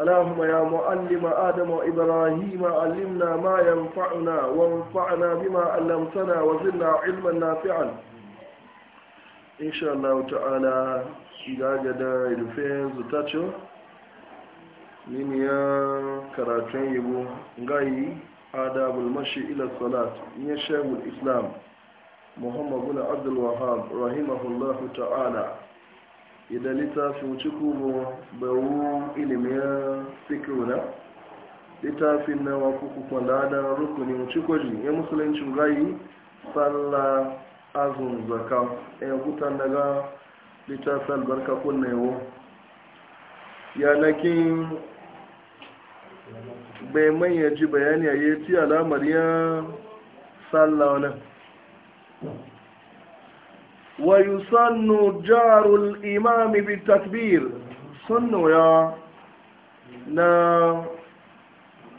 اللهم يا معلم آدم وإبراهيم علمنا ما ينفعنا وانفعنا بما علمتنا وزدنا علما نافعا إن شاء الله تعالى إذا قد يدفين زتاتشو من يا كراتين يبو غاي آداب المشي إلى الصلاة يا شيخ الإسلام محمد بن عبد الوهاب رحمه الله تعالى idan littafin cikubu bawu ilimin na. littafin na wakukukun lada rukunin cikoji ya e musuluncin gayi tsalla azun zaka e ya hutan daga littafin albarka kunne yawo yanakin bai manya ji bayani a yi ti alamar ya tsalla wani ويسن جار الإمام بالتكبير سنوا يا نا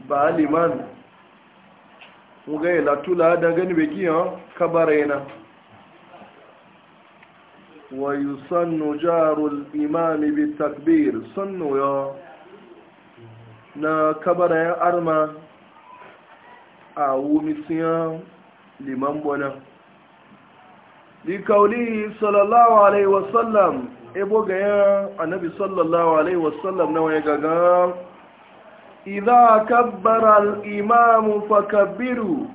بالإمام وغير لا تولا دغني بكي كبرينا ويسن جار الإمام بالتكبير سنوا يا نا كبرينا أرما أو مسيان لمن بنا لقوله صلى الله عليه وسلم ebo ga ya annabi sallallahu alaihi wa wasallam nawa ya gaga idza kabbara al-imam fakabbiru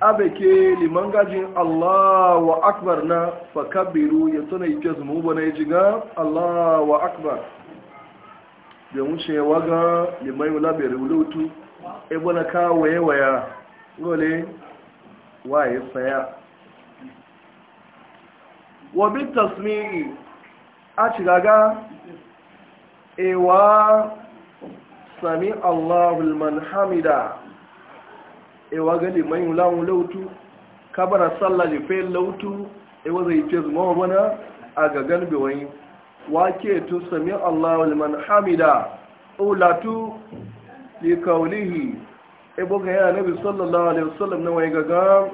abeke liman Allah wa akbar na fa fakabbiru ya tuna yake zumu bana ya jiga Allahu akbar da wuce waga liman yula bi rulutu ebo na ka waya waya, gole waye saya wabin tasmiri a cigaga ewa sami allahul manhamida ewa gani mai wulawun lautu kabara sallah da fayin lautu ewa zai ce zuma wana a gagan biwayi wake tu sami allahul manhamida ulatu likaulihi ebo ga yana nabi sallallahu alaihi wasallam na wai gaga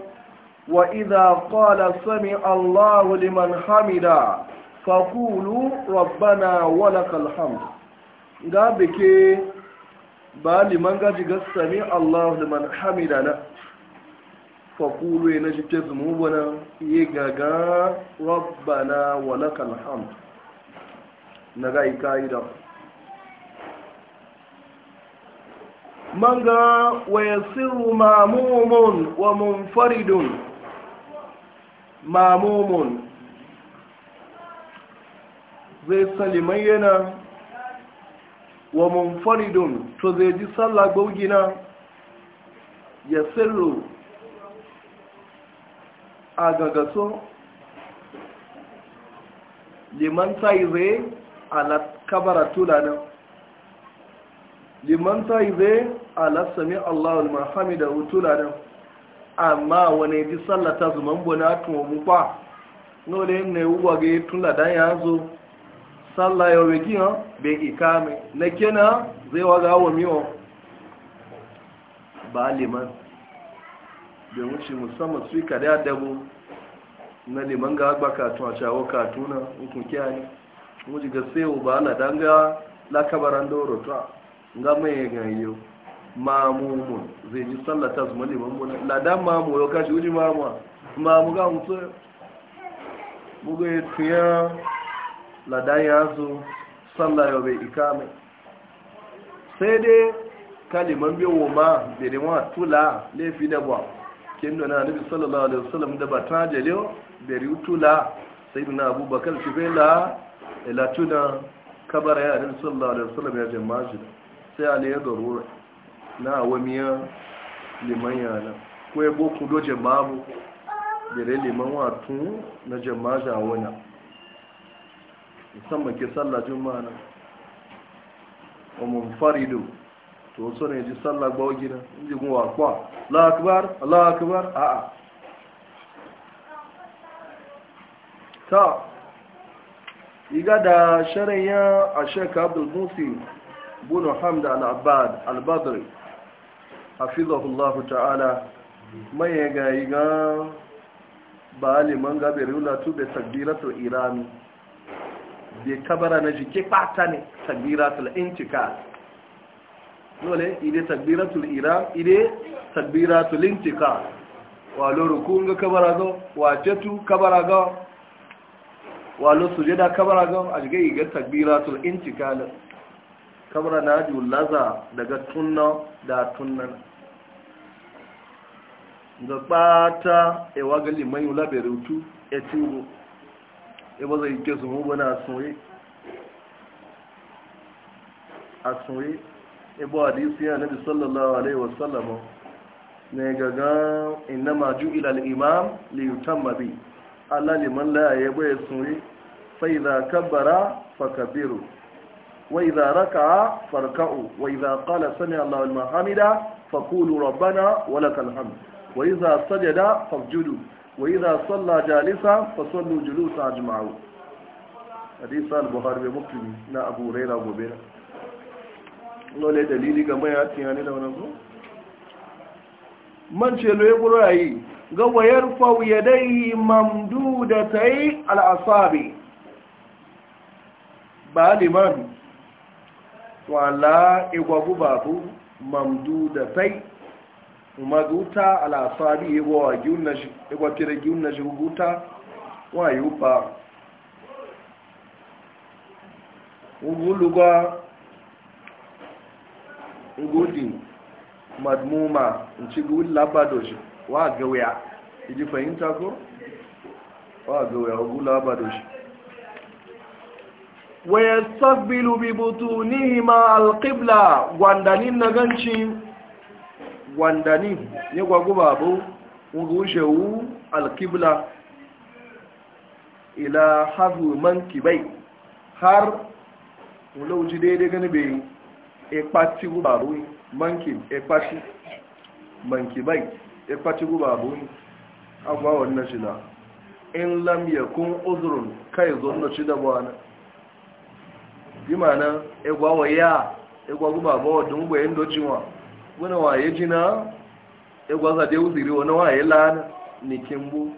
وإذا قال سمع الله لمن حمدا فقولوا ربنا ولك الحمد إذا بكي بالي من قد سمع الله لمن حمدنا فقولوا ينجي تزموبنا يقاقا ربنا ولك الحمد نغاي كايدا من ويسر ماموم ومنفرد mamumun zai salimai yana wa munfaridun to zai ji sallah gina ya sirru a gagaso liman tsayi zai alakabara tulanin liman tsayi zai alasami allahul mahamida tulanin amma wani ji sallata zuman bona tuwa mukwa nole ne uwa ga tun ladan ya zo sallah ya wegi ha be ikame na kena zai waga wa miyo ba liman bai wuce musamman su ka da dabo na liman ga agba katun a shawo katuna hukun kiya ne wuce ga sai ba ladan ga lakabaran doro ta ga mai ganyo mamumun zai ji sallata su mali mamuna ladan mamu yau kashi wuji mamuwa mamu ga mutu buga ya tuya ladan ya zo sallah yau bai ikame sai dai kaliman biyu biyo ma da rewa tula laifi da ba kin dona nabi sallallahu alaihi wasallam da ba ta jalewa da riu tula sai duna abubakar shi bai la ila tuna kabara ya nabi sallallahu alaihi wasallam ya jama'a shi sai ali ya garura na awamiya liman yana ko ya boku do jama'abu dire liman watun na jama'a da wana musamman ke sallah juma'a na omen farido to so ne ji sallah gbawo gina inji gunwa kwa la'akubar la'akabar a'a ta iga da shari'a a shekaru musi bunu hamda al-abad al-badri hafizahullahu ta'ala mai ya gayi ga ba liman gabe rula tube takbiratul irani bai kabara na jike fata ne takbiratul intika dole ide takbiratul ira ide takbiratul intika walo rukun ga kabara ga wacetu kabara ga walo sujada kabara ga a ga iga takbiratul intika kabra na ji laza daga tunna da tunna da bata e waga liman yula be rutu e tubu e ba zai ke zumu bana soye a soye e bo hadisi ya nabi sallallahu alaihi wasallam ne gaga inna ma ju ila al-imam li yutamma bi Allah liman la ya bai soye fa idza kabbara kabiru وإذا ركع فركعوا وإذا قال سمع الله المحمد فقولوا ربنا ولك الحمد وإذا سجد فاسجدوا وإذا صلى جالسا فصلوا جلوسا أجمعوا حديث البخاري ومسلم نا أبو هريرة أبو بيرة lole dalili كما mai hatin yana da من شلو ce lo ya burayi ga wayar fauye dai mamdu da wala igwagu babu mamdu da fai maguta alasari igwa kira giyun na shiguguta wa yi upa ugulugwa ngudi madmuma ncigu labadoshi wa gawya iji fahimta ko wa gawya ugulabadoshi ويستقبل ببطونهما القبلة واندانين نغنشي واندانين يقوى قبابو وغوشه القبلة إلى حذو منكبي har ولو جديد غنبي ekpati gubabu mankin ekpati mankibai ekpati gubabu agwa wannan shida in lam yakun uzrun kai zo na shida bwana bi ma'ana egwa wa ya egwa guba ba e wadda mu bayan docinwa wani waye jina egwa za da uziri wani waye la nikin bu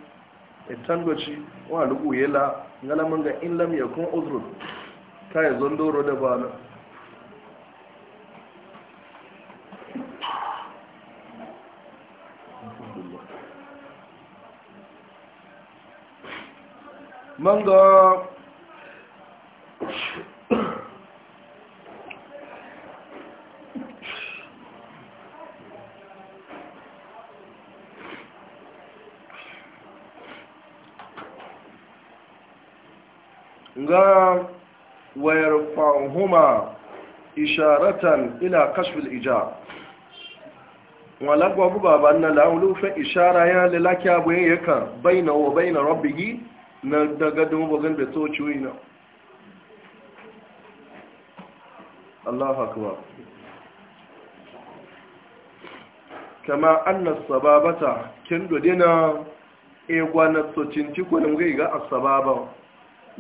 etan doci wa lugu ya la ngalaman ga in lam yakun uzrun ta yi zondoro da ba na manga huma isharatan ila kashfil ija. walagwa guba ba na ishara ya lalaki abu yakan baina wa baina na da so ciwina Allahu akbar kama anna sababata kin dodina e gwana so cinci ko ne ga asbaba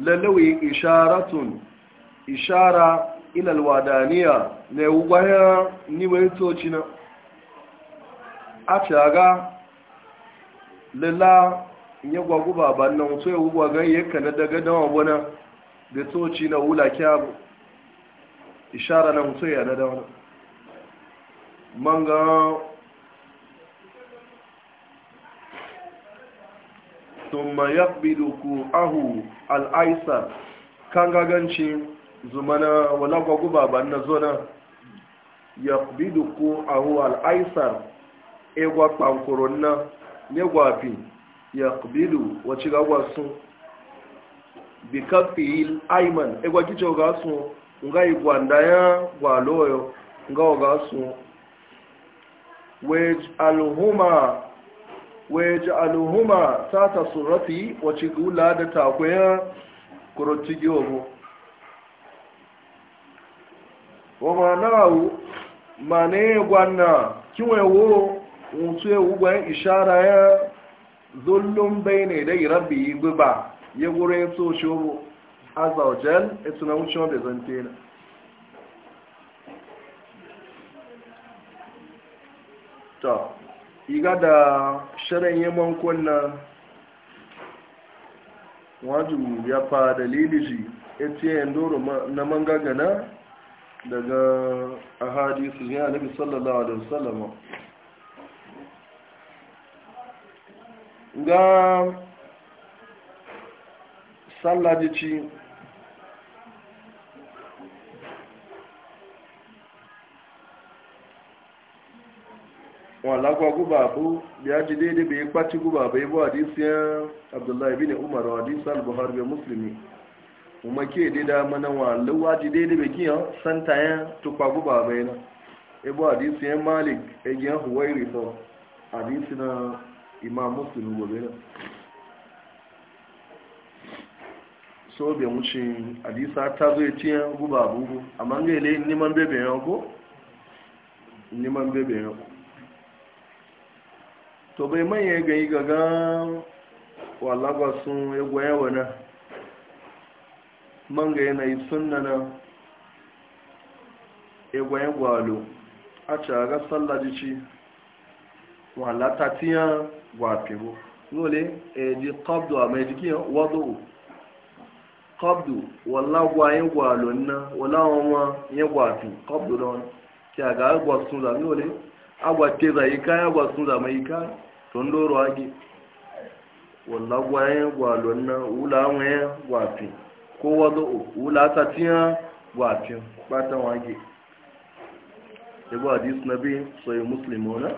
lalawi isharatun ishara ilal wadaniya na ugwahira niwe toci na a caga lalla ya gwagu baban nan so ya gugwa gan yake na daga dawa da toci na wula kyabu ishara na mutu ya na dawa manga ثم يقبض كوعه الأيسر كان غانشين zumana wala kwagu baban na zona ya bidu ko a hu al'aisar egwa kpankurun na negwafi ya bidu wacce gagwa sun bi kafi aiman egwa kice ga nga ya gwaloyo nga ga sun wej alhuma wej alhuma ta tasurati wacce gula da takwaya kurotigi wọ́n náà ma na ya gwanna kiwon wo wutu ya e wugwa e ishara ya zullun bai ne da irabi yi ba ya wurin ya so shi wo a zaujel ya tuna wuce wanda da shirin yi mankon na wajen ya fa dalili shi ya ce yin na daga ahadisu ya nabi sallallahu alaihi wasallam ga sallajici walagwa gubabu ya ji daidai bai kwaci gubabu ya bu hadisi ya abdullahi bin umar hadisi al-buhari bai musulmi kuma ke dida mana wa lawaji daidai bai kiyan santa yan tukwa guba bai na ebo hadisi yan malik egiyan huwairi sau hadisi na imam muslim gobe na so bai wuce hadisa ta zai yan guba abubu amma ga ile neman bebe yan ko neman bebe yan to bai manya ga gaga wa sun egwayen na. man ga yanayi sunna na egwayen gwalo a caga ji ci wala tatiya gwafiwo n'ole eji qabdu a mai jikin wado qabdu wala gwayen gwalo na wala wọn ya gwafi qabdu da wani ga agwa sun zami n'ole agwa teza yi ya agwa sun zama yi kaya tun doro ake wala gwayen gwalo na wula wọn ya gwafi ko wazo wula ta tiya gwafin batan wage yabo hadis na bi soyi muslim wani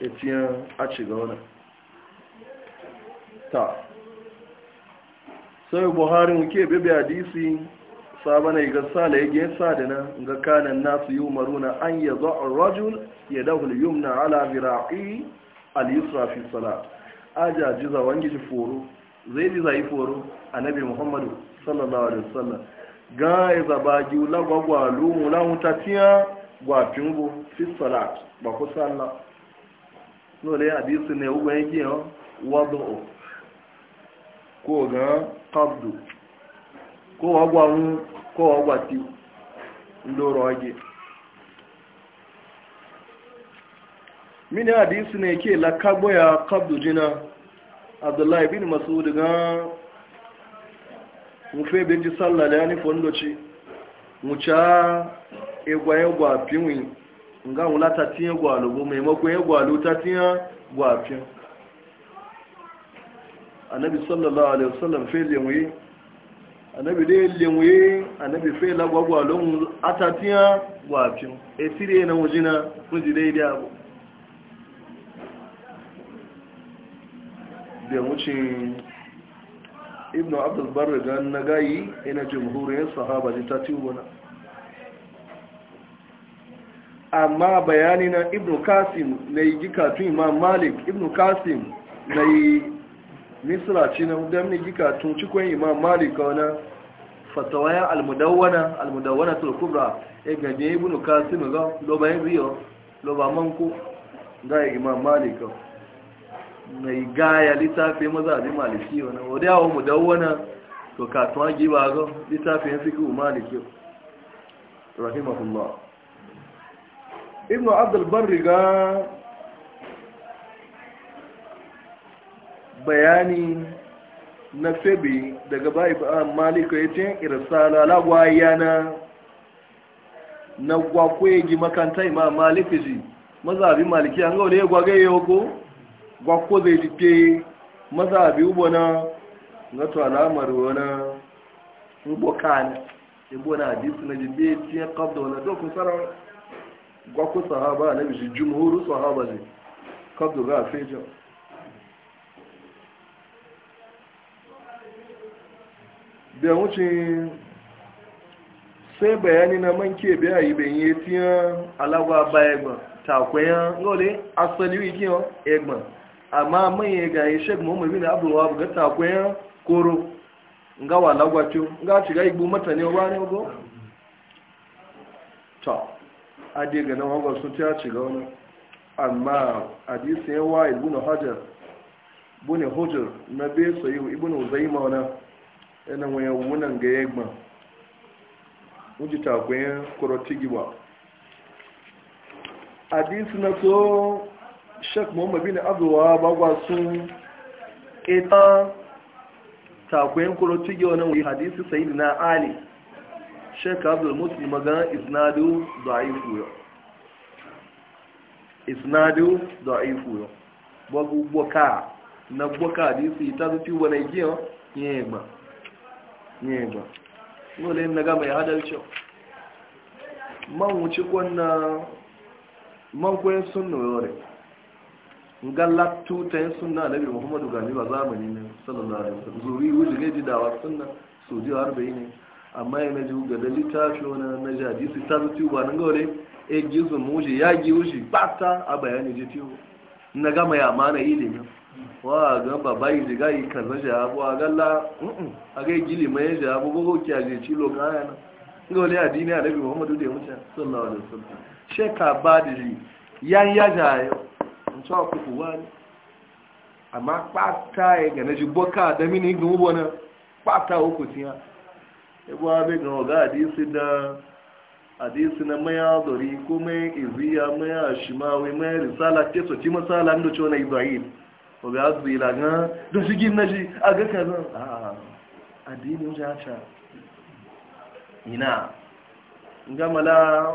ya tiya a shiga wani. ta soyi buhari muke bebe hadisi sabana ga sala ya gesa da na ga kanan nasu yi na an yi zo'ar rajul ya dahul yumna ala zira'i al-yusra fi salat ajaji zawon foro zai ji zai foro nabi muhammadu sallallahu alaihi wasallam ga ya zaba ji la gwagwa lu mu gwa pingo fi salat ba ku sallah no le hadisi ne ugo yake yo wado ko ga kabdu ko wagwa mu ko wagwa ti loro age mini hadisi ne ke la ya jina abdullahi bin Masudu ga mufe bin ji sallah da yani fondoci mucha egwa egwa pinwi nga wula ta tiye gwalo bo maimakon ya gwalo ta tiye gwafin annabi sallallahu alaihi wasallam fe lenwe annabi dai lenwe annabi fe lagwagwalon a ta tiye gwafin e sire na wujina kun ji daidai abu da wucin ibn abdul barriga na gayi ina sahaba da ta amma bayani na ibn kasim na yi gikatun imam malik ibn kasim na yi misra ci na damni gikatun cikon imam malik wana fatawaya almudawana almudawana tulkubra ya e ibn kasim ga lobayin riyo lobamanku ga imam malik wana mai gaya maza mazabi maliki wani wadda yawon mu dawwana to katuwa giba ga littafin fikihu maliki rahimahullah ibn abdulbar riga bayani na Feb'i daga ba'i ba'an malika ya ce irisala lagwaya na na gwakwai gi makanta imam maliki ji mazabi maliki an gaule ya gwagaye ko gwakko zai jike maza biyu bona na to alamar na ruboka ne ibo na hadisi na jibe tiye kabda wani dokun sarar gwakko sahaba na bishi jumhuru sahaba ne kabda ga fejan da wuce sai bayani na manke biya yi benye tiyan alagwa baya egban ya lori asali wikiyan egban amma manye ga yi shek muhammad bin abdullawa ga takwaya koro nga wa lagwacin nga shiga igbo mata ne wa ne go ta adi ga nan hawa sun ta shiga wani amma hadisi ya wa ibnu hajar ne hajar na be sayu ibnu zaima wana yana waya wunan ga yegma uji takwaya koro tigiwa hadisi na so shek muhammad bin abuwa bagwa sun ƙeta takwayen kuro tuge wani wuyi hadisi sayidu na ali shek abdul muslim magana isnadu da'ifu yau isnadu da'ifu yau bagu boka na boka hadisi ta zuci wani giyan yegba yegba nole na gama ya hadarci man wuce kwanna man kwayen sun nore ngalla tutayen sunna nabi muhammadu gani ba zamani ne sallallahu alaihi wasallam zuri wuce gaji dawa suna su ji har bai ne amma yana ji ga da littafi wani na jadi su ta zuci ba nan gaure e gizo muji ya gi wuji bata a bayani ji tiwo na gama ya mana ilimi wa ga baba yi ji gai kaza ja abu a galla a gai gili mai ja abu gogo ki a je ci lo kaya na gaure addini annabi muhammadu da ya mutu sallallahu alaihi wasallam sheka badiri yan ya jayo so akuku wani amma kpata ya gane shi boka da mini igin ugbo na kpata uku tiya ebe abin ga oga hadisi na maya zori ko iziya maya shimawi mai risala ke so masala ndo ci wani ibrahim oga azu ga da shi gin na shi a ga kaza a addinin jacha ina ngamala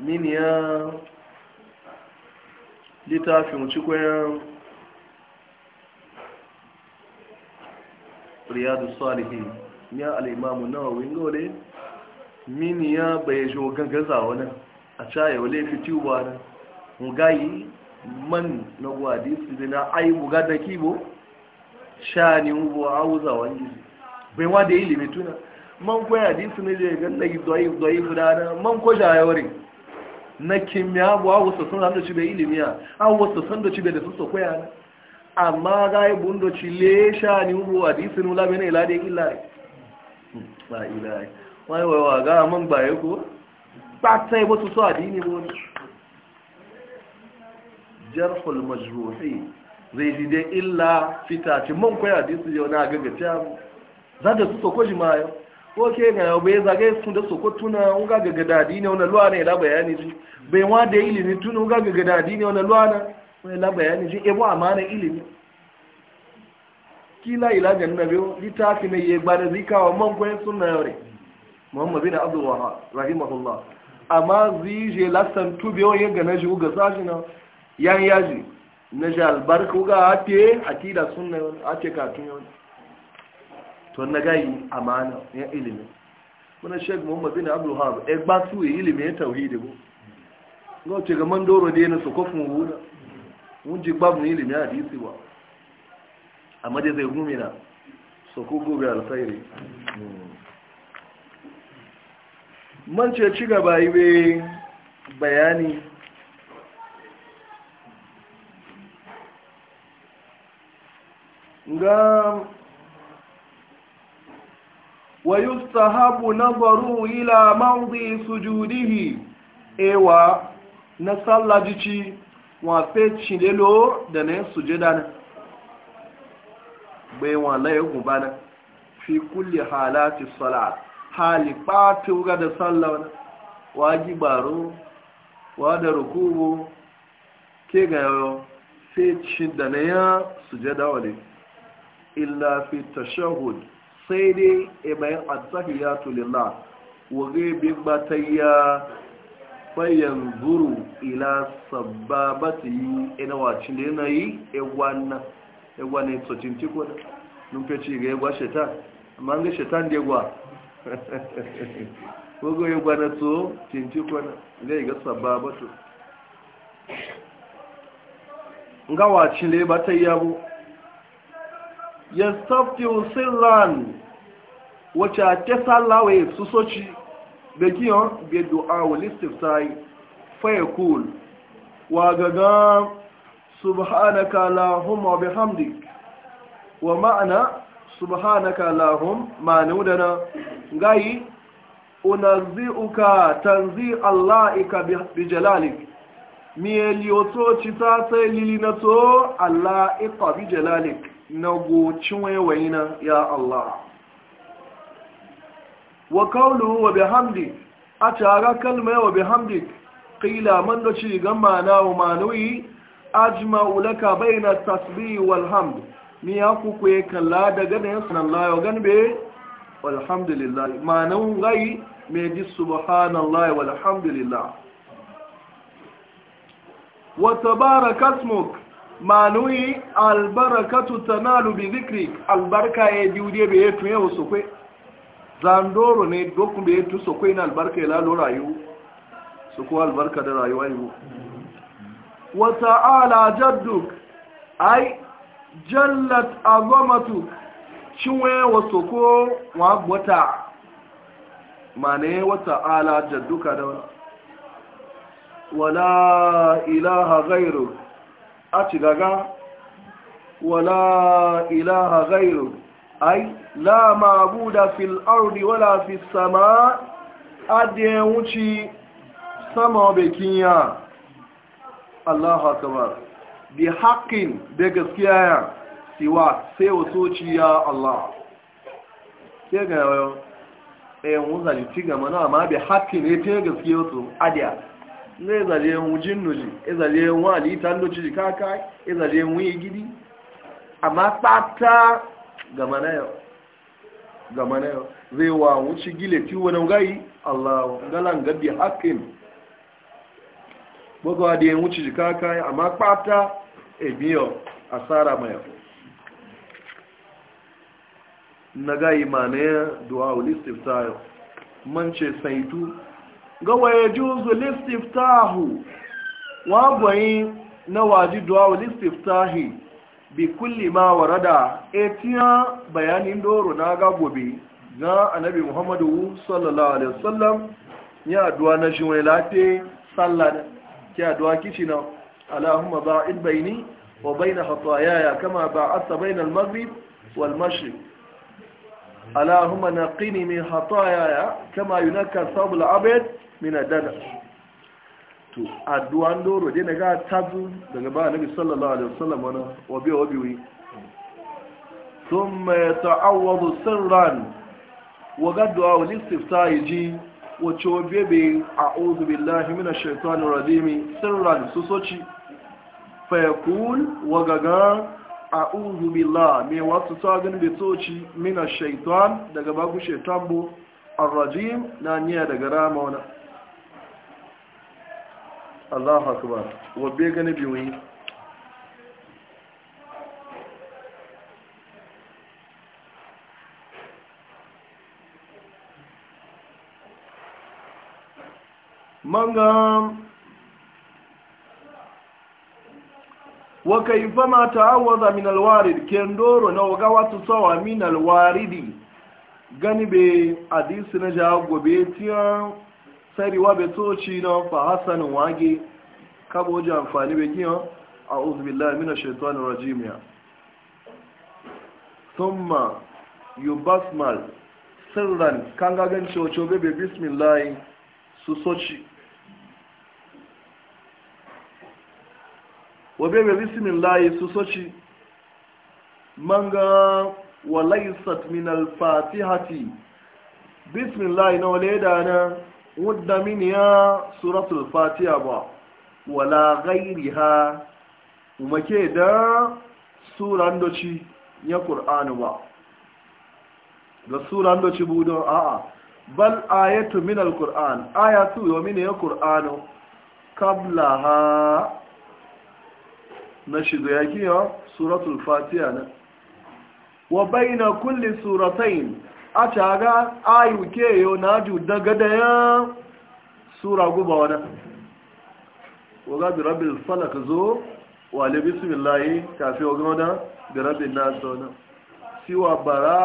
miniya littafin cikwayen riyadu salihi ya al'imamu na wawin gole mini ya bai jo gagaza wani a caye wale fitiwa na mugayi man na gwadi su zina na buga da kibo sha ni ubu a wuza wani bai wada yi limituna man kwaya disu ne zai ganda yi doyi doyi fudana man ya shayawari na kimiyya bu a wasu sun da bai ilimiya a wasu sun da ci bai da su so na amma ga yi bundo ci le sha ni ubu a disin wula bai na ila da ilayi ba ilayi wani wawa ga man baye ko ba ta yi wasu so adini bu wani jarhul majruhi zai ji dai illa fita ci man koya disin yau na gaggace za da su so ko yau ko ke ga yau bai zagaye su da soko tuna un ga gaga dadi ne wannan luwa ne la bayani ji bai wa da ilimi tuna un ga gaga dadi ne wannan luwa na wannan la bayani ji ebo amana ilimi kila ila ga nabi litafi ne ye gbada zika wa man ko sunna yore muhammad bin abdul wahhab rahimahullah amma zije lasan tube on ye ga na ji ga sashi na yan yaji na ji albarka ga ate akida sunna yore ate katun yau to na gayi amana ya ilimi kuna shek muhammad bin abdul ya e gba su yi ilimi ya tauhidi bu ga ce ga mandoro da yana sokofin wuda mun ji babu ilimi hadisi ba a maje zai gumina soko gobe alfairi. man ce ci gaba yi bayani ga ويستهب نظر الى موضع سجوده ايوا نصلجتي جيشي وفيت دنا سجدان بين والله يغبانا في كل حالات الصلاه حال باتو غدا صلى واجبارو wada rukubu ke ga sai cin da na ya sujada sai dai e bayan attahiyatu lillah wa gaibi batayya bayan zuru ila sababati ina wace da yanayi egwanna egwanna ya tsocin ciko numfaci ga yagwa shetan amma ga shetan da yagwa gogo yagwa na so cinciko na zai ga sababatu ga wace da ya batayya bu Ya yastaftihu sirran wacce ta salawai su soci da giyon bai du'a wa listiftai faya kul wa gaga subhanaka lahum wa bihamdik wa ma'ana subhanaka lahum ma'anu da na gayi uka. tanzi allahika bi jalalik mi eliyoto ci ta sai lili na to allahika bi jalalik na gocin waiwayi na ya Allah wa kauluhu wa bihamdi a tara kalmai wa bihamdi qila man da ci gama na wa Ajima, ajma'u laka bayna tasbih wal hamd ni ya ku ku kalla daga da sallallahu ganbe walhamdulillah ma'anan gai me ji subhanallahi walhamdulillah bara, kasmuk. manuyi albarakatu tanalu bi zikri albarka ya ji wude bai yato yau sokwe zandoro ne dokun bai yato sokwe na albarka ya lalo rayu su kuwa albarka da rayuwa yi wata ala jadduk ai jallat azamatu cinwe wasu ko wata ma ne wata ala jadduka da wani wala ilaha gairu a ci gaga wala ilaha gairu ai la ma'buda fil ardi wala fis sama adin wuci sama bekinya Allahu akbar bi haqqin da gaskiya ya siwa sai wasoci ya Allah ke ga yau eh mun zalunci ga mana amma bi haqqin ne ta gaskiya to adiya na ezali enwu jinnu ji ezali enwu alita ndochi ji kaka ezali enwu igidi amma kpata gamanayo na yau gama zai wa wuce gile ti wani gai allah ngala gabi hakin gbogbo adi enwu ci ji kaka amma kpata ebiyo asara mai na gai ma na ya duwa ulistif tayo man ce saitu ga waye juzu listiftahu wa na waji duwa wa listiftahi bi kulli ma warada etiya bayanin doro na ga gobe na anabi muhammadu sallallahu alaihi wasallam ya duwa na shi wani late sallah ki aduwa kishi na allahumma ba'id baini wa baina khataayaya kama ba ba'adta baina al-maghrib wal mashriq اللهم نقني من خطاياي yi na الثوب الابيض mina dada to addu'an doro dai naga tabu daga ba nabi sallallahu alaihi wasallam wa bi wa wi thumma ta'awadhu sirran wa gaddu'a wal istiftahi wa chobe be a'udhu billahi minash shaitanir rajim sirran su sochi fa yaqul wa gaga a'udhu billahi me wasu tsagan be sochi minash shaitan daga bagu shaitan bo ar-rajim na niya daga rama wana Allahu akbar wabbe gani biyoyi manga wa kaifama ta'awadha min alwarid kendoro na waga watu sawa min alwaridi gani be hadisi na jago be tiyan sarewa bai toci na fa hasanin wage kabo amfani bai giyan a uzubillah mina shaitan rajim ya thumma yubasmal sirran kan gagan coco bebe bismillah su soci wa bebe bismillah su soci manga walaisat min alfatihati bismillah na wale da na wadda min ya suratul fatiha ba wala ghairiha umake da suran doci ya qur'anu ba da suran doci budon a'a bal ayatu min alquran ayatu yomin ya qur'anu qablaha na shigo yake ya suratul fatiha na wa bayna kulli suratayn a caga ayu ke yau na ju daga da ya sura guba wani waga bi rabin falaka zo wale bismillahi kafin waga wani bi rabin na wani siwa bara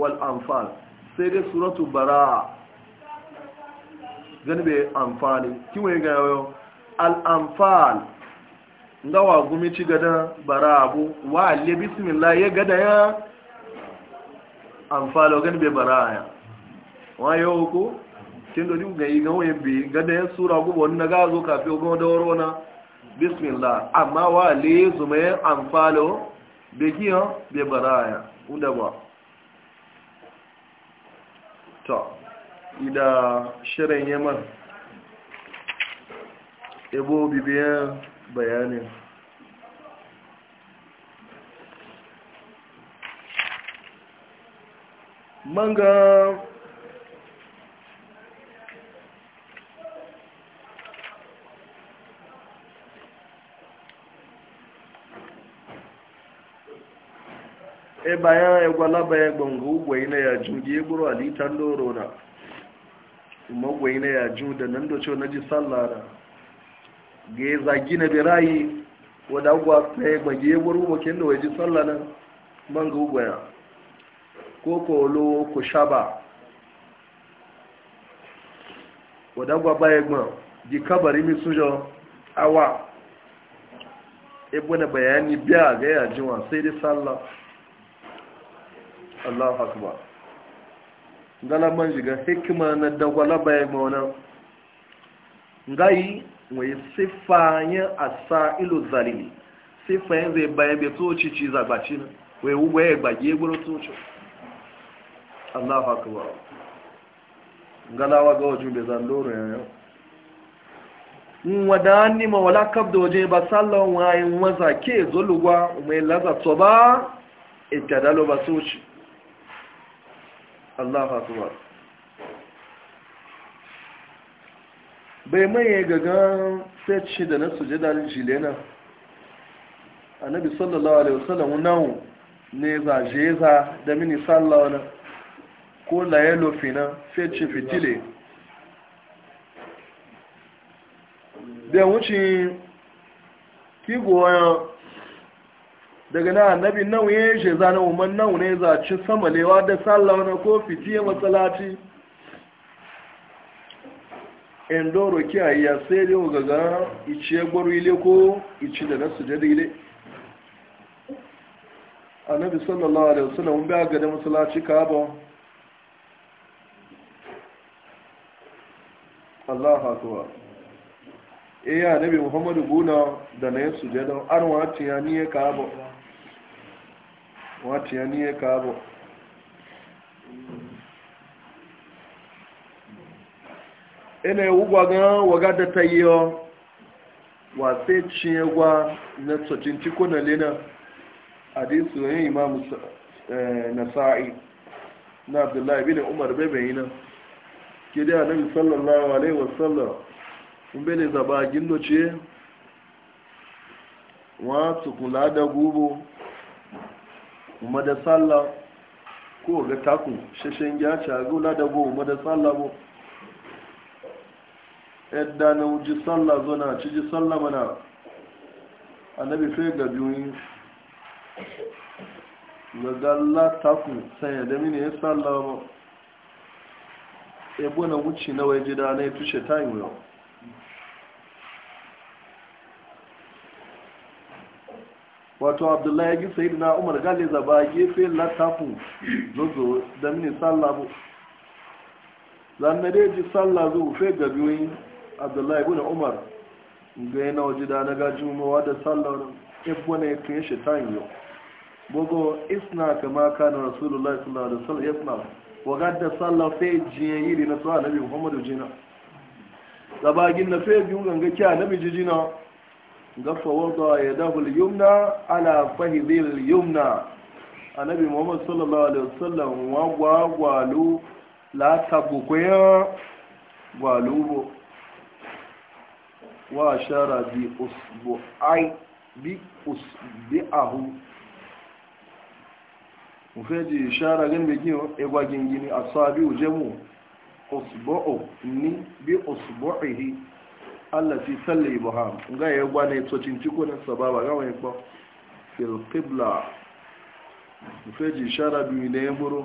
wal amfal sai dai suratu bara gani bai amfani wai ga yau al'amfal ndawa gumi ci gada bara abu wa le bismillahi gada ya amfalo gan be baraya wayo ko tindo di ngai ga waye be ga da sura go bon na gazo ka fi go da worona bismillah amma wa le zuma amfalo be kiyo be baraya unda ba to ida shirin yaman ebo bibiya bayanin manga e baya ya e gwala bayan gbanga ugwai na ya juji ya buru alitan doro na magwai na ya ju da nan da cewa na ji sallara ga ya zagi na birayi wadda ugwa ta ya gbage ya buru wakin da ji sallara manga ya ko kolo ku shaba wadagwa baya gban di kabari mi sujo awa ebe na bayani biya ga ya wa sai dai sallah allah akbar galaman jiga hikima na dagwala baya gban wannan ngayi asaa sifayen asa ilu zalimi sifayen zai bayan bai tsoci ci zagbaci na wai wugwaye gbagi ya gburu tsoci Allah ba galawa ga wajen bai zan doro yau. wadda an ma wala e e da waje ba sallon wayan waza ke zolugwa mai laza to ba itadalo ba su ci. Allah ba bai maye gaga sai ci da na sujada jilena annabi sallallahu alaihi wasallam nawo ne za jeza da mini sallawa na ko layelo fina fece fitile da wuce ki goyon daga na annabi nan ya ce zanen umar nan ne za ci sama da sallah na ko fitiye matsalaci indoro kiyaye ya sai dai gaga ici ya gbaru ile ko ici da nasu jadi ile annabi sallallahu alaihi wasallam ba ga da matsalaci ka ba Allah hakuwa iya nabi muhammadu guna da na yin sujada an wacin ya niye ka abu wacin ya niye ka abu ina yi wugwa ga waga da ta yi yau wasai ciyewa na tsocin cikuna lena hadisu yin imam eh, nasa'i na abdullahi bin umar bebe yi nan ke da annabi sallallahu alaihi wasallam kun bene zaba gindo ce wa su kula da gubo kuma da sallah ko ga takun shashen gyaca gula da gubo kuma da sallah bo yadda na wuji sallah zona ci ji sallah mana annabi sai ga biyu ga galla taku sai da mini ya sallah ba ebo na wuce na waje da na ya tushe yi wuyo wato abdullahi ya gisa yi na umar gali zaba gefe latafin zozo da mini sallabu zanare ji sallah zuwa fe ga biyun abdullahi ibn umar ga yana waje da na gaji umarwa da sallar ebo na ya e kai shi yi wuyo gbogbo isna kama kanin rasulullah sallallahu alaihi wasallam ya wagadda sallah fe jiye yiri na tsawa nabi muhammadu jina zabagin na fe biyu ganga kya nabi jijina gafa wadda ya dahul yumna ala fahidil A annabi Muhammadu sallallahu alaihi wasallam wagwa gwalu la tabukwaya gwalubo wa shara bi usbu'ai bi usbi'ahu mufeji shara gini be kiyo e gwagin gini asabi ujemu usbu'u ni bi usbu'ihi allati salli ibrahim ga ya gwane to cinciko na sababa ga wani ko fil qibla mufeji shara bi ne yamuru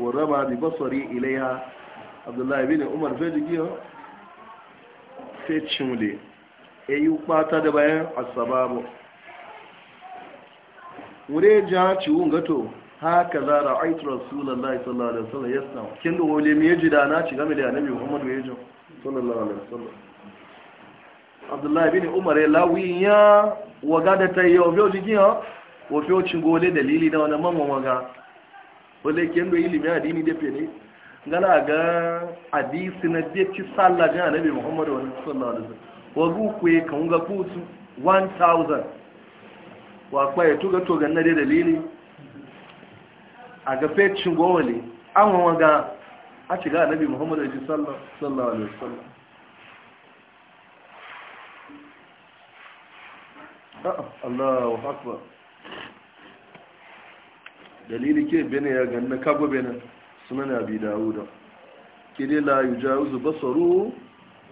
wa bi basari ilayha abdullahi bin umar feji kiyo fecin de e yi da bayan asababu wure ja ciwon gato haka za a ra'aitu rasulallah sallallahu alaihi wasallam ya sanu kin da wale me yaji da na ci game da annabi muhammadu ya ji sallallahu alaihi wasallam abdullahi bin umar ya lawi ya waga da ta yau biyo jigin ha wofi ocin gole dalili na wani mamman waga wale kin da ilimi addini da fene gana ga hadisi na da ci sallah ga annabi muhammadu sallallahu alaihi wasallam wagu ku kan ga kutu 1000 wa kwa ya tuga to ga na dalili a ga fecin gowale an ga a shiga nabi muhammad aji sallallahu alaihi wasallam ah, Allahu akbar dalili ke bene ya ganna kago bene sunan abi dawuda kide la yujawizu basaru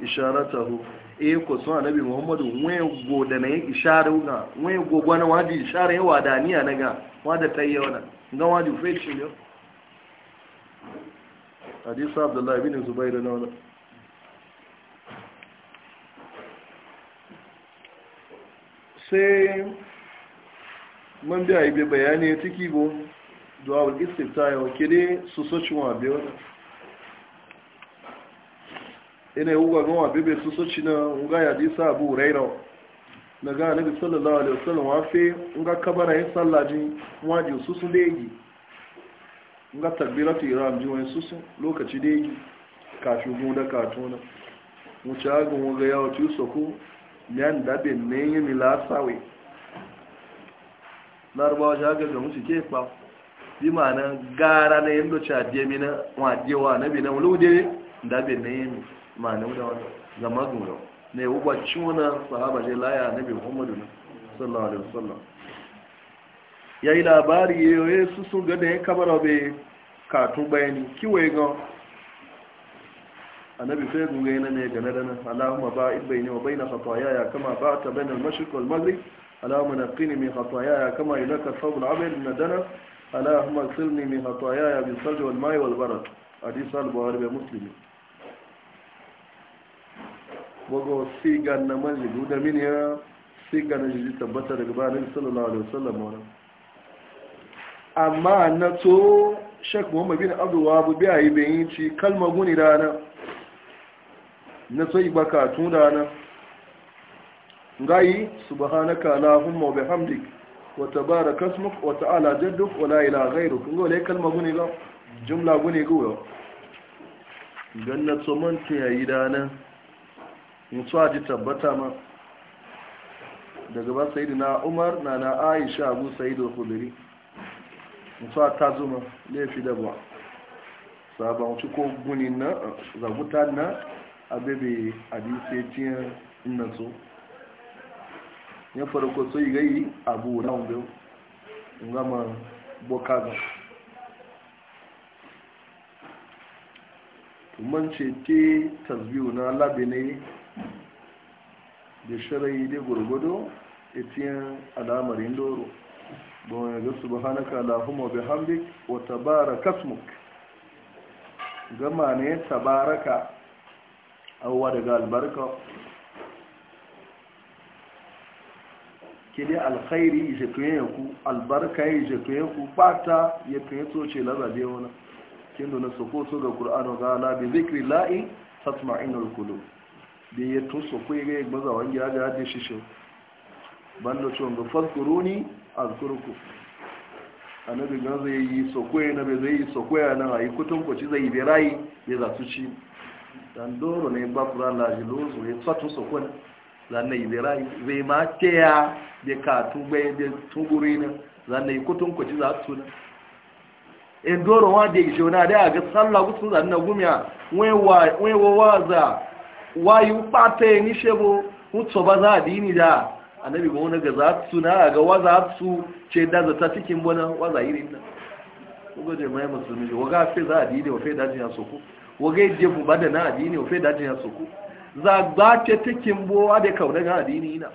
isharatahu e ko sun anabi muhammadu wen go da na yin isharu ga wen go gwana wadi isharu yawa daniya naga wada tayyawa gawa di feshi yau, hadisa abdullahi bin zubairu na wani sai man biya bayani ya ciki bo zuwa wal istifta ya su soci wa biya ina yi wuga gawa bebe su soci na wuga ya disa abu rairawa na ga nabi sallallahu alaihi wasallam wa fe nga kabara yin sallaji waji susu deji nga takbiratu ihram ji wani susu lokaci deji ka shugo da katona mu ci agun ga yawo ci soko yan dabe ne yin milasawe larbawa ja ga mu ci ke pa bi ma'ana gara na yin doci adiye mina wa adiye wa na wulu de dabe ne yin ma'ana da wani zama ne wubacin wani sahaba je laya na bi muhammadu sallallahu alaihi wasallam ya yi labari ya su sun gada ya kamara bai katun bayani kiwaye ga annabi sai gunga yana ne gane da nan allahumma ba ibai ne wa bai na hataya ya kama ba ta bai na mashirik wal maghrib allahumma na kini mai hataya ya kama yi naka sabon abin na dana allahumma silni mai hataya ya bi salji wal mai wal barat hadis al-buhari bai muslimi wago siga na majidu da mini ya siga na jiji tabbata daga bayanin sallallahu alaihi wasallam wani amma na to shek muhammad bin abduwa bu biya yi bayin ci kalma guni rana na so yi baka tun rana ngayi subhanaka allahumma wa bihamdik wa tabaraka ismuk wa ta'ala jadduk wa la ilaha ghayruk ngole kalma guni ga jumla guni ga ganna so man ta tiyayi dana mutuwa ji tabbata ma daga ba sayidu na umar na na aisha abu sayidu hudari mutuwa ta zuma laifi da ba sabon ci ko gunin na zaguta na abebe adisiyar na so ya farko so yi gayi abu na umbe ngama boka ga tumance te tasbiu na labine da shirai da gurgudu etiyan al'amarin doro don ya ga subhanaka mabi bihamdik wa tabara kasmuk gama ne tabaraka awwa daga albarka kide alkhairi ya je ya ku albarka ya tuyen ku bata ya tuyen toce lazabe wani kin dona sokoto ga qur'ano ga ala bi zikri la'i tatma'innul kudu da ya tuso kwere gbaza wangi ya ga shi shisho banda cewa ga ni a zukurku zai yi sokwe na bai zai yi sokwe zai yi berayi ya za su ci dan doro ne ba kura laji lozo ya tsatu sokwe na yi berayi zai ma teya da katu bai da tuguri na zanna yi kutun za su na e doro wa da ga sallah gumiya wayu ɓata ya nishe bo mutu ba za a dini da annabi ba wani ga za su na ga waza su ce da zata cikin bana waza irin nan ko je mai musulmi waga fe za a dini wafe dajin ya soko waga je bu bada na adini wafe dajin ya soko za ba ce cikin bo a da kauna ga adini ina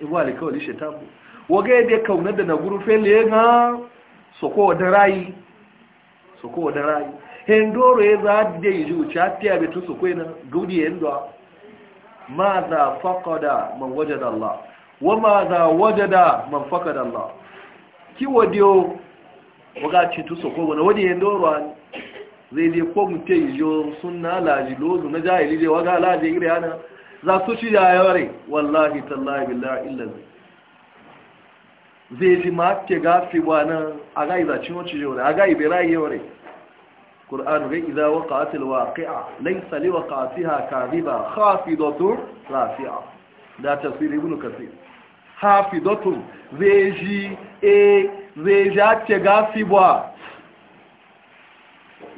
ibu alikawali shetan bu waga da kauna da na guru fe le na soko da rayi soko da rayi hendoro ya za da yi zuci hafiya bai tusu kwai na gudu ya hinduwa ma za faƙada man waje da Allah wa ma za waje da man faƙa Allah ki wadiyo wagaci tusu kwai wani wadi hendoro a zai dai ko ta yi sun na alaji lozu na jahili zai waga alaji iri ana za su ci da ware wallahi tallahi billah illa zai Zai ji ma ke gafi wa nan a ga izacin wacce yawari a ga ibera yawari ƙul'an rai iza waka atil waƙi'a laisa ne waka fi haka riba rafi'a da tafiri wunin kafi hafidotun reji a reji ake gafi ba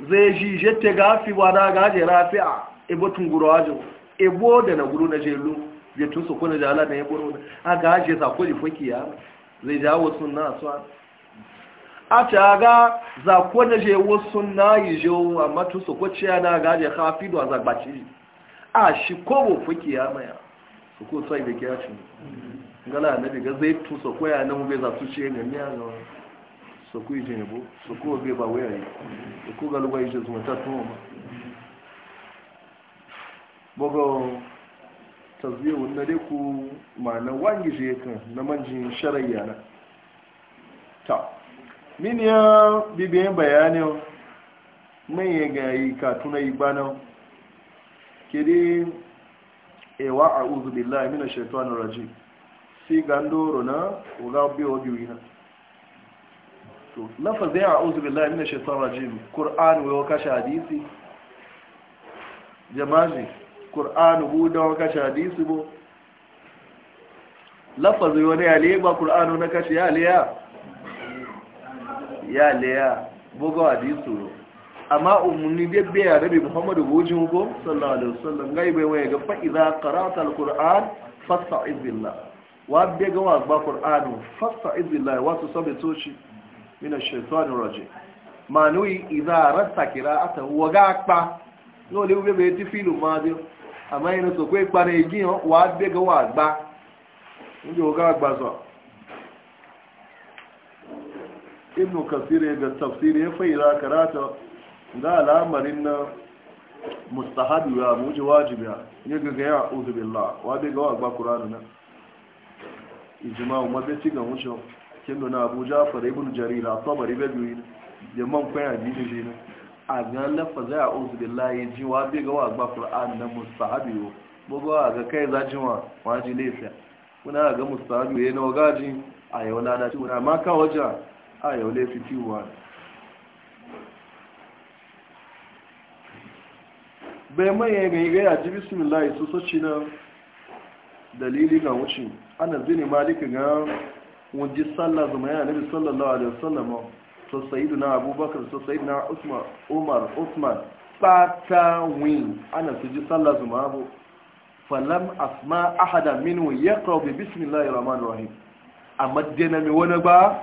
reji je te gafi ba na gaje rafi'a ibotun gurajin ibo da na guru na jelu ya tun su kuna jala da ya guru gaje sakwai fuki ya reji awa sun na asuwa a ga za ko na je wasu na yi je a matu su ko ciya ga je hafi da gbaci a shi ko bo fuki ya maya su ko sai da kiyaci gala na daga zai tu su ko ya nan bai za su ce ga miya ga su ku yi ne bo su ko bai ba waya yi su ko galuwa yi je su mata tuma ba bogo tasbihu na dai ku ma na wangi je kan na manjin sharayya na ta min ya bibiyan bayanin mai ya yi katuna ibanan kiri ewa a uzubillahi mina shaitanin raji si gandoro na uga biyo biyu na to lafazin a uzubillahi mina shaitanin raji ƙur'an wa kashe hadisi jamaji ƙur'an budan kashe hadisi bo lafazin wani ya ba kur'anu na kashe ya liya ya leya buga wa biyu tsoro amma umarni bebe ya rabe muhammadu gojin hukum sallallahu alaihi wasallam gai bai waya ga fa'iza karata al-qur'an fasta izbillah wa ga wa ba qur'an fasta izbillah wa su sabe toci min ash-shaytanir rajim manui idza ratta qira'ata wa gaqpa no le bebe ti filu ma dio amma ina so ko ipare igi wa bega wa gba njo ga gba so ibn kasir ga tafsir ya faira karata ga al'amarin na mustahabi ya muji wajibi ya gaga ya uzu billah wa bai ga wa qur'ani na ijma'u ma ci ciga wuce kin na abu jafar ibn jarir at-tabari bai yi ya man kwaya gidi shi na a ga lafaza ya uzu billah ya ji wa bai ga wa qur'ani na mustahabi yo bugo ga kai za ji wa wajibi lafiya kuna ga mustahabi ne na wagaji a yau lada ci kuna ma ka wajen a yau laifi ciwa bai maye gaiga ya ji bismillah su soci na dalili ga wuce ana zini malika ga wajen sallah zama yana nabi sallallahu alaihi wasallam so sayidu na abubakar so sayidu na umar usman fata win ana su ji sallah zama abu falam asma ahada minu ya kawo bi bismillah rahman rahim amma dena mai wani ba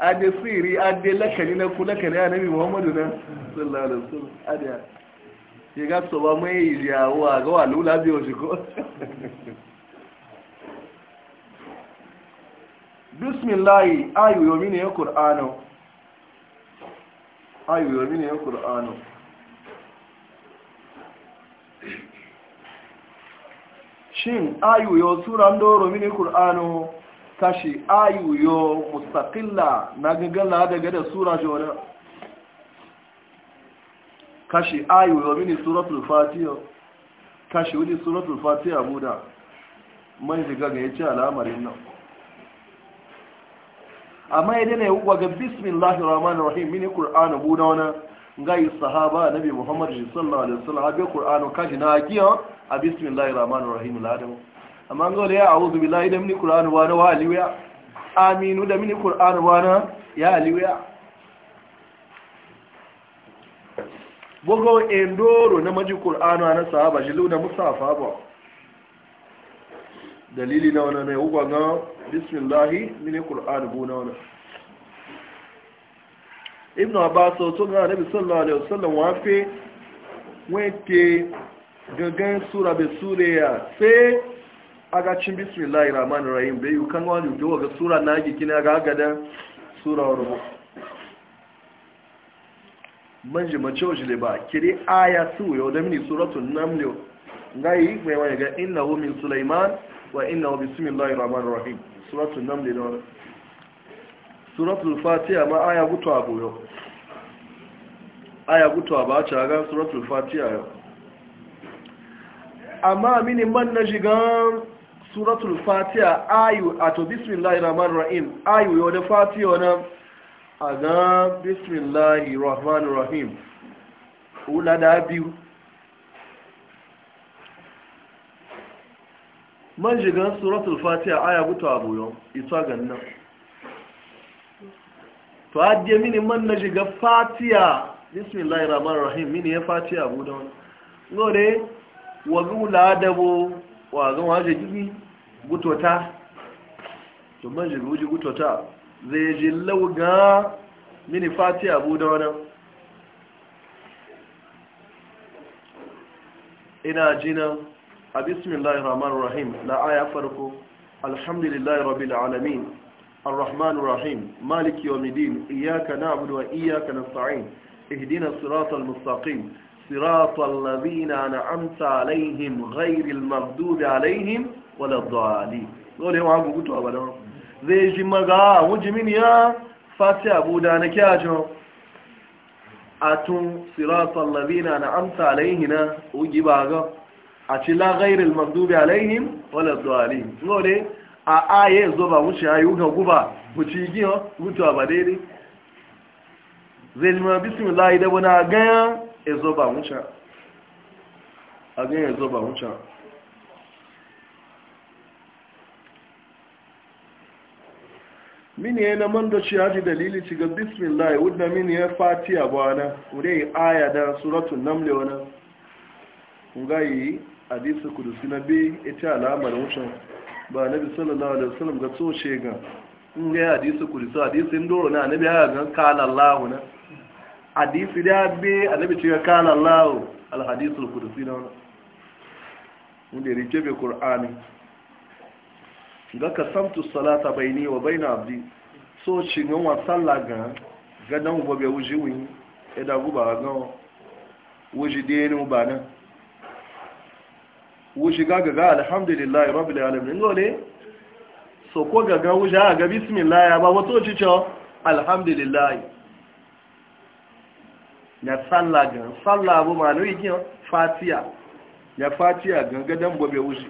ade siri ade lakani na ku lakani annabi muhammadu na sallallahu alaihi wasallam ade ya ga so ba mai ya wa ga wa lula bi o shiko bismillah ayu yomine ya qur'ano ayu yomine ya qur'ano shin ayu yo suran doro mini qur'ano sashi yo mustaqilla na gagalla daga da sura jona kashi yo mini suratul fatiha kashi wani suratul fatiha muda mai shiga ga yace al'amarin nan amma idan ne wa ga bismillahir rahmanir rahim mini qur'an muda wana ngai sahaba nabi muhammad sallallahu alaihi wasallam ga qur'an kashi na kiyo a bismillahir rahmanir rahim ladamu amma ga da ya a'udhu billahi da mini qur'ani wa wa aliya aminu da mini qur'ani wa ya aliya bogo endoro na maji wa na sahaba jilu na musafa ba dalili na wannan ne ugo ga bismillahi mini qur'ani bu na wannan ibnu abbas to ga nabi sallallahu alaihi wasallam wa fe wete gangan sura be sura ya sai aga cin bismillahir rahmanir rahim bai yukan wani to ga sura na gi kina ga gadan sura rubu manje macho jile ba kire aya su yo da mini suratul naml ngai mai wani ga hu min sulaiman wa hu bismillahi rahmanir rahim suratul naml da suratul fatiha ma aya gutu abu yo aya gutu ba cha ga suratul fatiha yo amma mini man na jigan suratul fatiha ayu ato bismillahir rahmanir rahim ayu yo da fatiha na aga bismillahir rahmanir rahim ula da biyu man shiga suratul fatiha aya guta abu yau ganna to adiye mini man na shiga fatiha bismillahir rahmanir rahim mini ya fatiha abu da wani wa gula dabo wa ga waje gutota to manje ruji gutota zai ji lauga mini fati abu da wannan ina jina a bismillahir rahmanir rahim la aya farko alhamdulillahi rabbil alamin الرحمن الرحيم مالك يوم الدين إياك نعبد وإياك نستعين اهدنا الصراط المستقيم صراط الذين أنعمت عليهم غير المغضوب عليهم ولا الضالين dole yawan hagu gutu a badon zai ji maga wujimin ya fati abu da na kyajo a tun siratun labina na amsa alaihi na ba ga a ci la gairil magdubi alaihim wala zuwali dole a aye zo ba wuce a yi wuka guba wuce giyo gutu a badere zai ji ma bismillah da wani gaya ezo ba wucin a gan ezo ba wucin mini ya na mandoci ya dalili ci ga bismillah ya wudna mini ya e fati a bana wudai aya da suratun namle wani ngayi hadisi kudusi na bi ita alamar wucin ba na bi sallallahu alaihi wasallam ga tsoce ga in ga hadisi kudusi hadisi ndoro na na bi haka ga kala allahu na hadisi da be annabi ce ya kana Allah alhadisul qudsi da wannan inda rike be qur'ani ga kasamtu salata ni, wa bai na abdi so ci ngan wa sallah ga ga dan ubo be wuji wi e da guba ga wuji de ni uba na wuji ga ga alhamdulillah rabbil alamin ngole so ko ga ga wuji ga bismillah ba wato ci cho alhamdulillah na tsalla gan tsalla abu ma nui gina fatiya ya fatiya gan gadon bobe wuce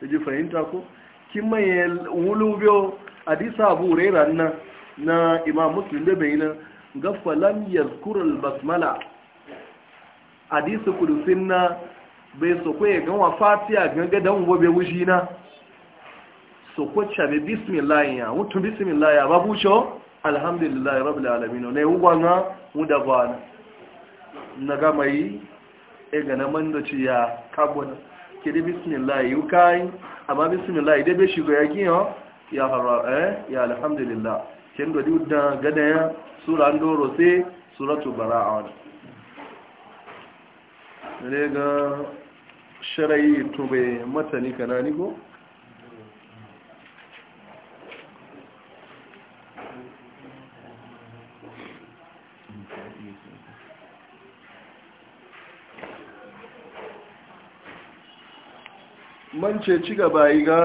da ji fahimta ko kin manye wulu biyo hadisa abu rera nan na imam muslim da bai nan ga falam yazkurul basmala hadisa kudusin na bai so ko gan wa fatiya gan gadon bobe wuce na so ko chabe bismillah ya mutum bismillah ya babu cho alhamdulillah rabbil alamin ne ngwana na. bana gama mai e ga na mando ci ya kabona ke di bismillah yu kayi. amma bismillah yi debe shigo ya giyan ya harra eh ya alhamdulillah ken do wuda gada ya sura ndoro se suratu bara'a ne ga shirayi tobe matani kanani ko man ce ci gaba ga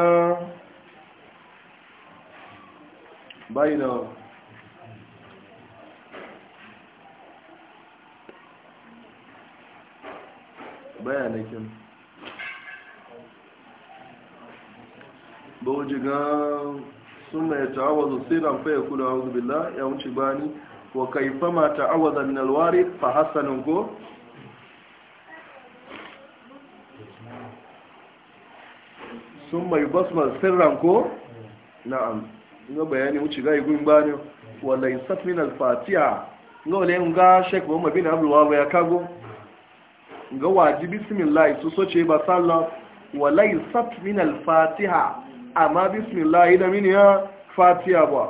bayi na bayanakin ba wajen ga suna ya ta'awazu faya kula hauzu ya wuce bani wa kaifa ma ta'awazan nalwari fa hassanin ko sun mai basmar sirran ko na'am ga bayani wuce ga igun bani wala isat al-fatiha ga wale ga sheikh muhammad bin abdul wahab ya kago ga waji bismillah su soce ba sallah wallahi isat al-fatiha amma bismillah da min ya fatiha ba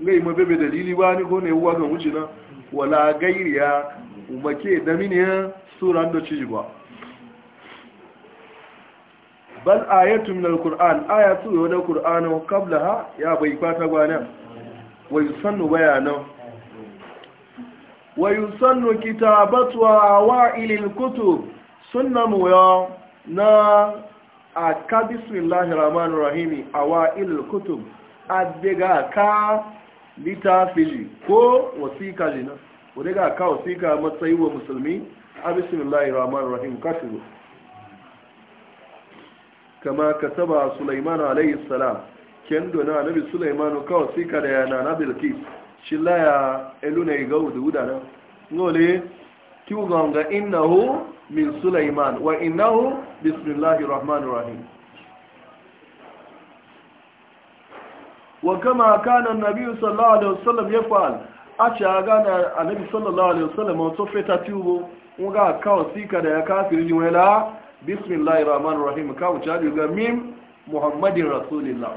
ga yi be dalili ba ni ko ne uwa ga wuce na wala gairiya umake da min ya sura da ciji ba bal ayatu min alquran ayatu wa da qur'ana qablaha ya bai fata gwana wa yusannu bayanan wa yusannu kitabatu awail alkutub sunna muya na aka bismillahir rahmanir rahim awail alkutub adiga ka litafi ko wasika lina wadega ka wasika matsayi wa musulmi a bismillahir rahmanir rahim kafiru kama kasaba Sulaiman alayhi salam kendo na nabi Sulaiman ka wasika da yana na Bilqis shillaya eluna igaudu udana ngole kiuganga innahu min Sulaiman wa innahu bismillahir rahmanir rahim wa kama kana an-nabi sallallahu alaihi wasallam yafal acha gana annabi sallallahu alaihi wasallam to feta tiubo nga ka wasika da ya kafiri wela bismillahir rahmanir rahim kawo cari ga mim muhammadin rasulillah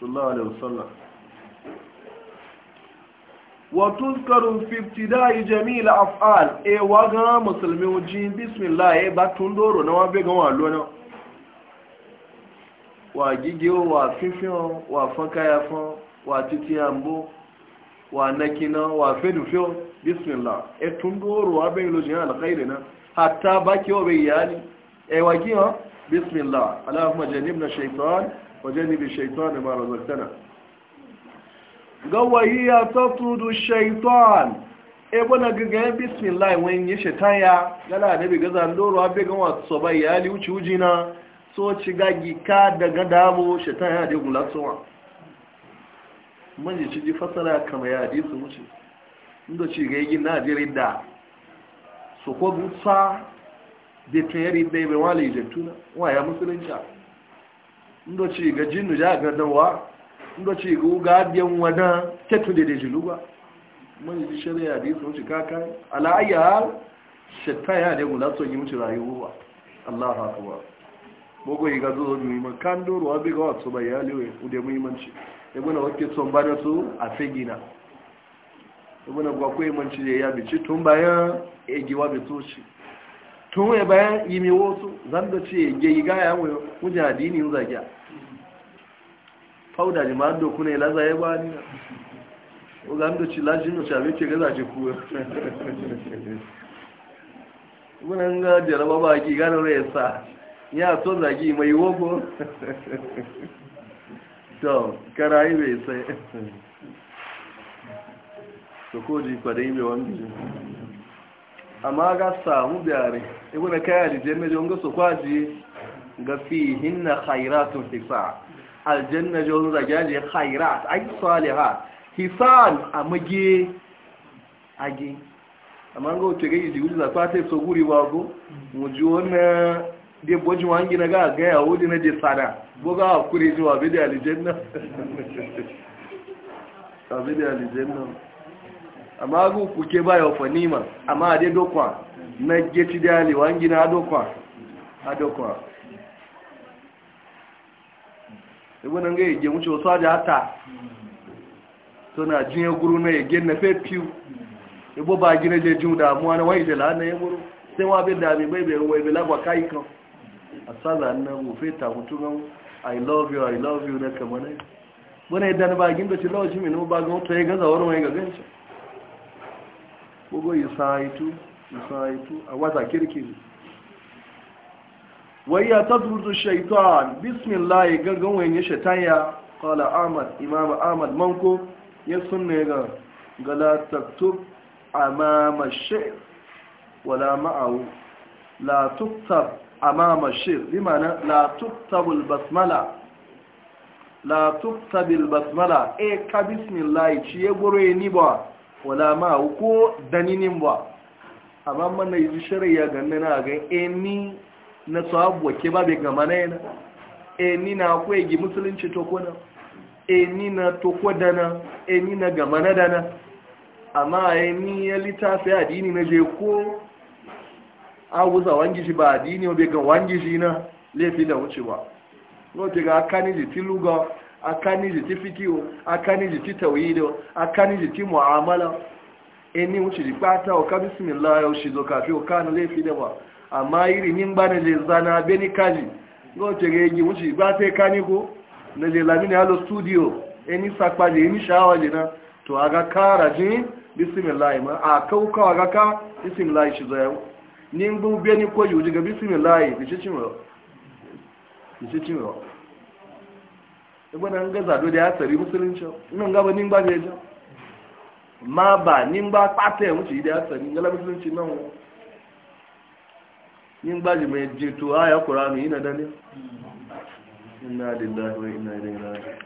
sallallahu alaihi wasallam wa tuzkaru fi ibtida'i jamil af'al e waga musulmi uji bismillah e ba tun doro na wabe ga walo na wa gige wa fifin wa fanka ya fan wa titi ambo wa nakina wa fedu fio bismillah e tun doro wabe lo jin alkhairi na hatta baki wa bayani ay wakiyo bismillah allahumma jannibna shaytan wa jannib ash-shaytan ma razaqtana gawahiya tatrudu ash-shaytan e bona gaga bismillah wen ye shaytan ya gala nabi gaza ndoro abe ga wa so bayali uchi wujina so ci gagi ka daga dabo shaytan ya de gulatsowa mun ji ci fasara kamar ya hadisi wuce inda ci ga yi na jirin da su ko gutsa da tayari da bai wale jantuna wa ya musulunci ndo ci ga jinnu ja ga dawa ndo ci ga uga biyan wada ketu da dejilu ba mun ji shari'a da su ci kaka ala ayyar shatta ya da mu latso yi mu rayuwa Allahu akbar bogo yi ga zo mu ma kan doro abi ga wasu bayali we ude muhimmanci e bona wake son bana su a ibuna gwa ko imanci da ya bici tun bayan egewa bitoci tun wai bayan yimi wasu zan da ce ge yi gaya wajen adini yin zagiya fauda ji ma'ad doku ne laza ya ba ni o ga da ci lajin da shabe ce gaza ce kuwa ibuna ga jaraba ba ki gane rai sa ya son zagi mai wogo to karayi bai sai to ko ji kwa dai bewan biji amma ga samu biyare ibu na kaya aljanna jon Ngo su kwaji ga fi hinna khairatun hisa aljanna jon za je khairat ai salihat hisan amage age amma ga wuce ga yi wuce ta yi so guri ba ko mu ji wannan da boji wangi na ga ga ya wudi na je sada bo ga kure zuwa bi da aljanna abi da aljanna amma agu kuke ba yau fanima amma a dai dokwa na geti dali wangi na dokwa a dokwa ibu nan ga yage mucewa wasu aji hata to na jiye guru na yage na fe piu ibu ba gina je jin damuwa na wani jela na ya muru sai wa bai dami bai bai ruwa ibi lagwa kayi kan a tsada na bufe ta na i love you i love you na kamar ne wani idan ba gina ci lawashi mai nuna ba ga mutu ya gaza wani wani gaganci gbogbo ìsáàìtú a wata kírkiri wai ya tattutu shaitan bismillah gangan wani shaitan ya kala ahmad imam ahmad manko ya sunne ga galatattub a mamashe. wala ma'awu la a amama shir limana la tuktabul basmala la tuktabil basmala e ka bismillah ya gure ni ba wala ma ko daninin ba amma na yi shirya ganna na ga eni eh, na sabuwa ke ba bai gama na yana eni eh, na akwai gi musulunci to na eni eh, na to dana eni na gama na dana amma eni ya littafi adini na je ko a wuza wangi shi ba adini ba bai ga wangi shi na laifi da wuce ba. Lote ga aka ni ji tiluga akani jiti fikiyo akani jiti a akani jiti muamala eni wuce di pata o ka bismillah o shi zo kafi o kanu le fi dewa amma iri nin ba ne le zana be ni kaji e go te ge yi wuce ba te kani ko ne le lamini halo studio eni sakpa le eni shawa le na to aga kara ji bismillah ma a kauka aga ka bismillah shi zo ya ni bu be ni ko yu ga bismillah bi shi cin ro ibi na nga zado da ya tsari musulunci ina nga ba nimba ne ja ma ba ni ba pata ya wuce da ya tsari ngala musulunci nan nimba ji mai jito aya qur'ani ina da ne inna lillahi wa inna ilaihi raji'un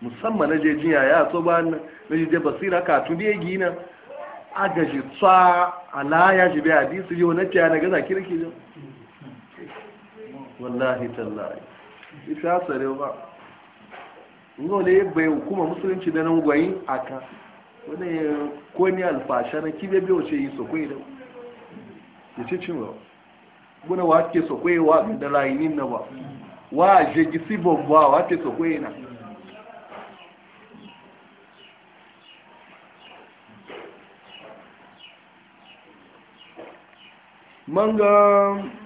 musamman na je jiya ya to ba na je basira ka tu biye gina aga ji tsa alaya ji bi hadisi yau na ce na ga zakirki wallahi tallahi isa tsare ba ngole bai kuma musulunci da nan gwayi a kan wani ko ni alfasha na kibe biyo ce yi sokwai da ya ce cin rawa guna wa ke sokwai wa da layinin na ba wa jegi sibon ba wa ke sokwe na manga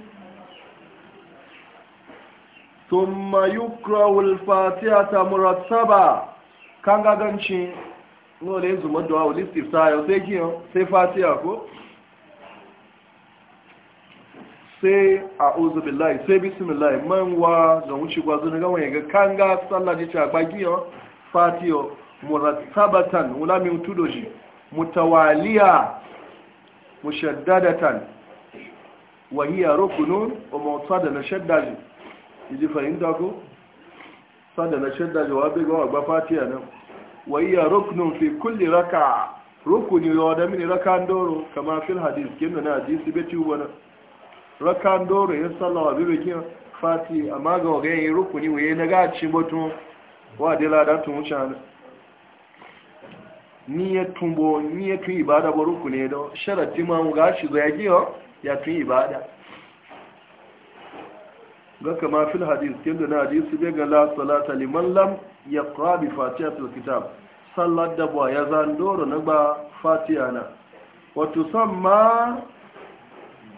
ثم يقرأ الفاتحة مرتبة كان غانشي no le yanzu maduwa wa listiftayo sai kiyo sai fatiha ko sai a uzubillahi sai bismillahi manwa ga wuce gwazo na gawa yaga kan ga tsalla ne ta bagiyo fatiyo murattabatan ulami utudoji mutawaliya mushaddadatan wa hiya rukunun wa mutada na shaddaji ji fahimta ko sada na shadda jawabi ga wagba fatiya nan wa iya ruknun fi kulli raka rukuni ya da mini raka ndoro kama fil hadis kinna na hadisi be wani raka ndoro ya sallawa bi kin fati amma ga ga yi rukuni wa yana daga ci mutu wa de la tun wuce ni ya tumbo ni ya tun ibada ba rukuni da sharati ma mu ga shi ga ya tun ibada ga kama fil hadis kin da hadisi bai ga la salata liman lam yaqra bi fatihatul kitab sallar da ba ya zan doro na ba fatiha na wato samma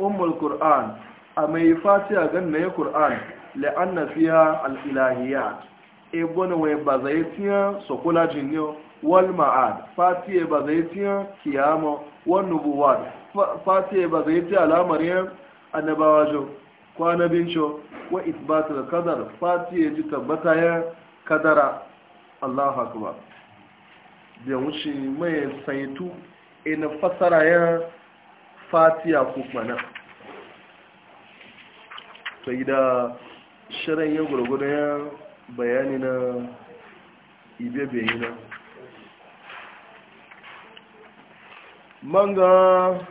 ummul qur'an a mai fatiha gan ne qur'an la'anna fiha al ilahiyat e bona wai ba zai tiya sokola jinyo wal ma'ad fatiha ba zai kiyama nubuwat fatiha ba zai tiya annabawa jo kwana binco wa isbatul kadar fati ya ji tabbata ya kadara Allahu akbar da wuce mai saitu ina fasara ya fatiya ko ta sai da shirin ya gurgurda ya bayani na ibe bayina manga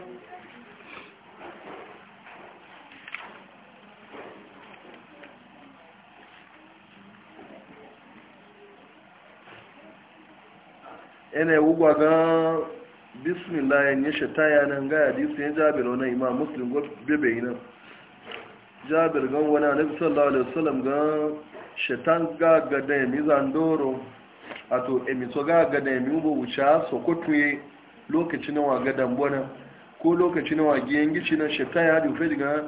ene wugwa ga bismillah ya yashe ta yanan gaya disu yan jabir wani ima muslim gwab bebe yi nan jabir gan wani anabi sallallahu alaihi wasallam ga shetan ga gada ya mizan doro a to emito ga gada ya mimu wuce sokotuye lokaci na wa gadan bona ko lokaci na wa giyan gici na shetan ya dufe daga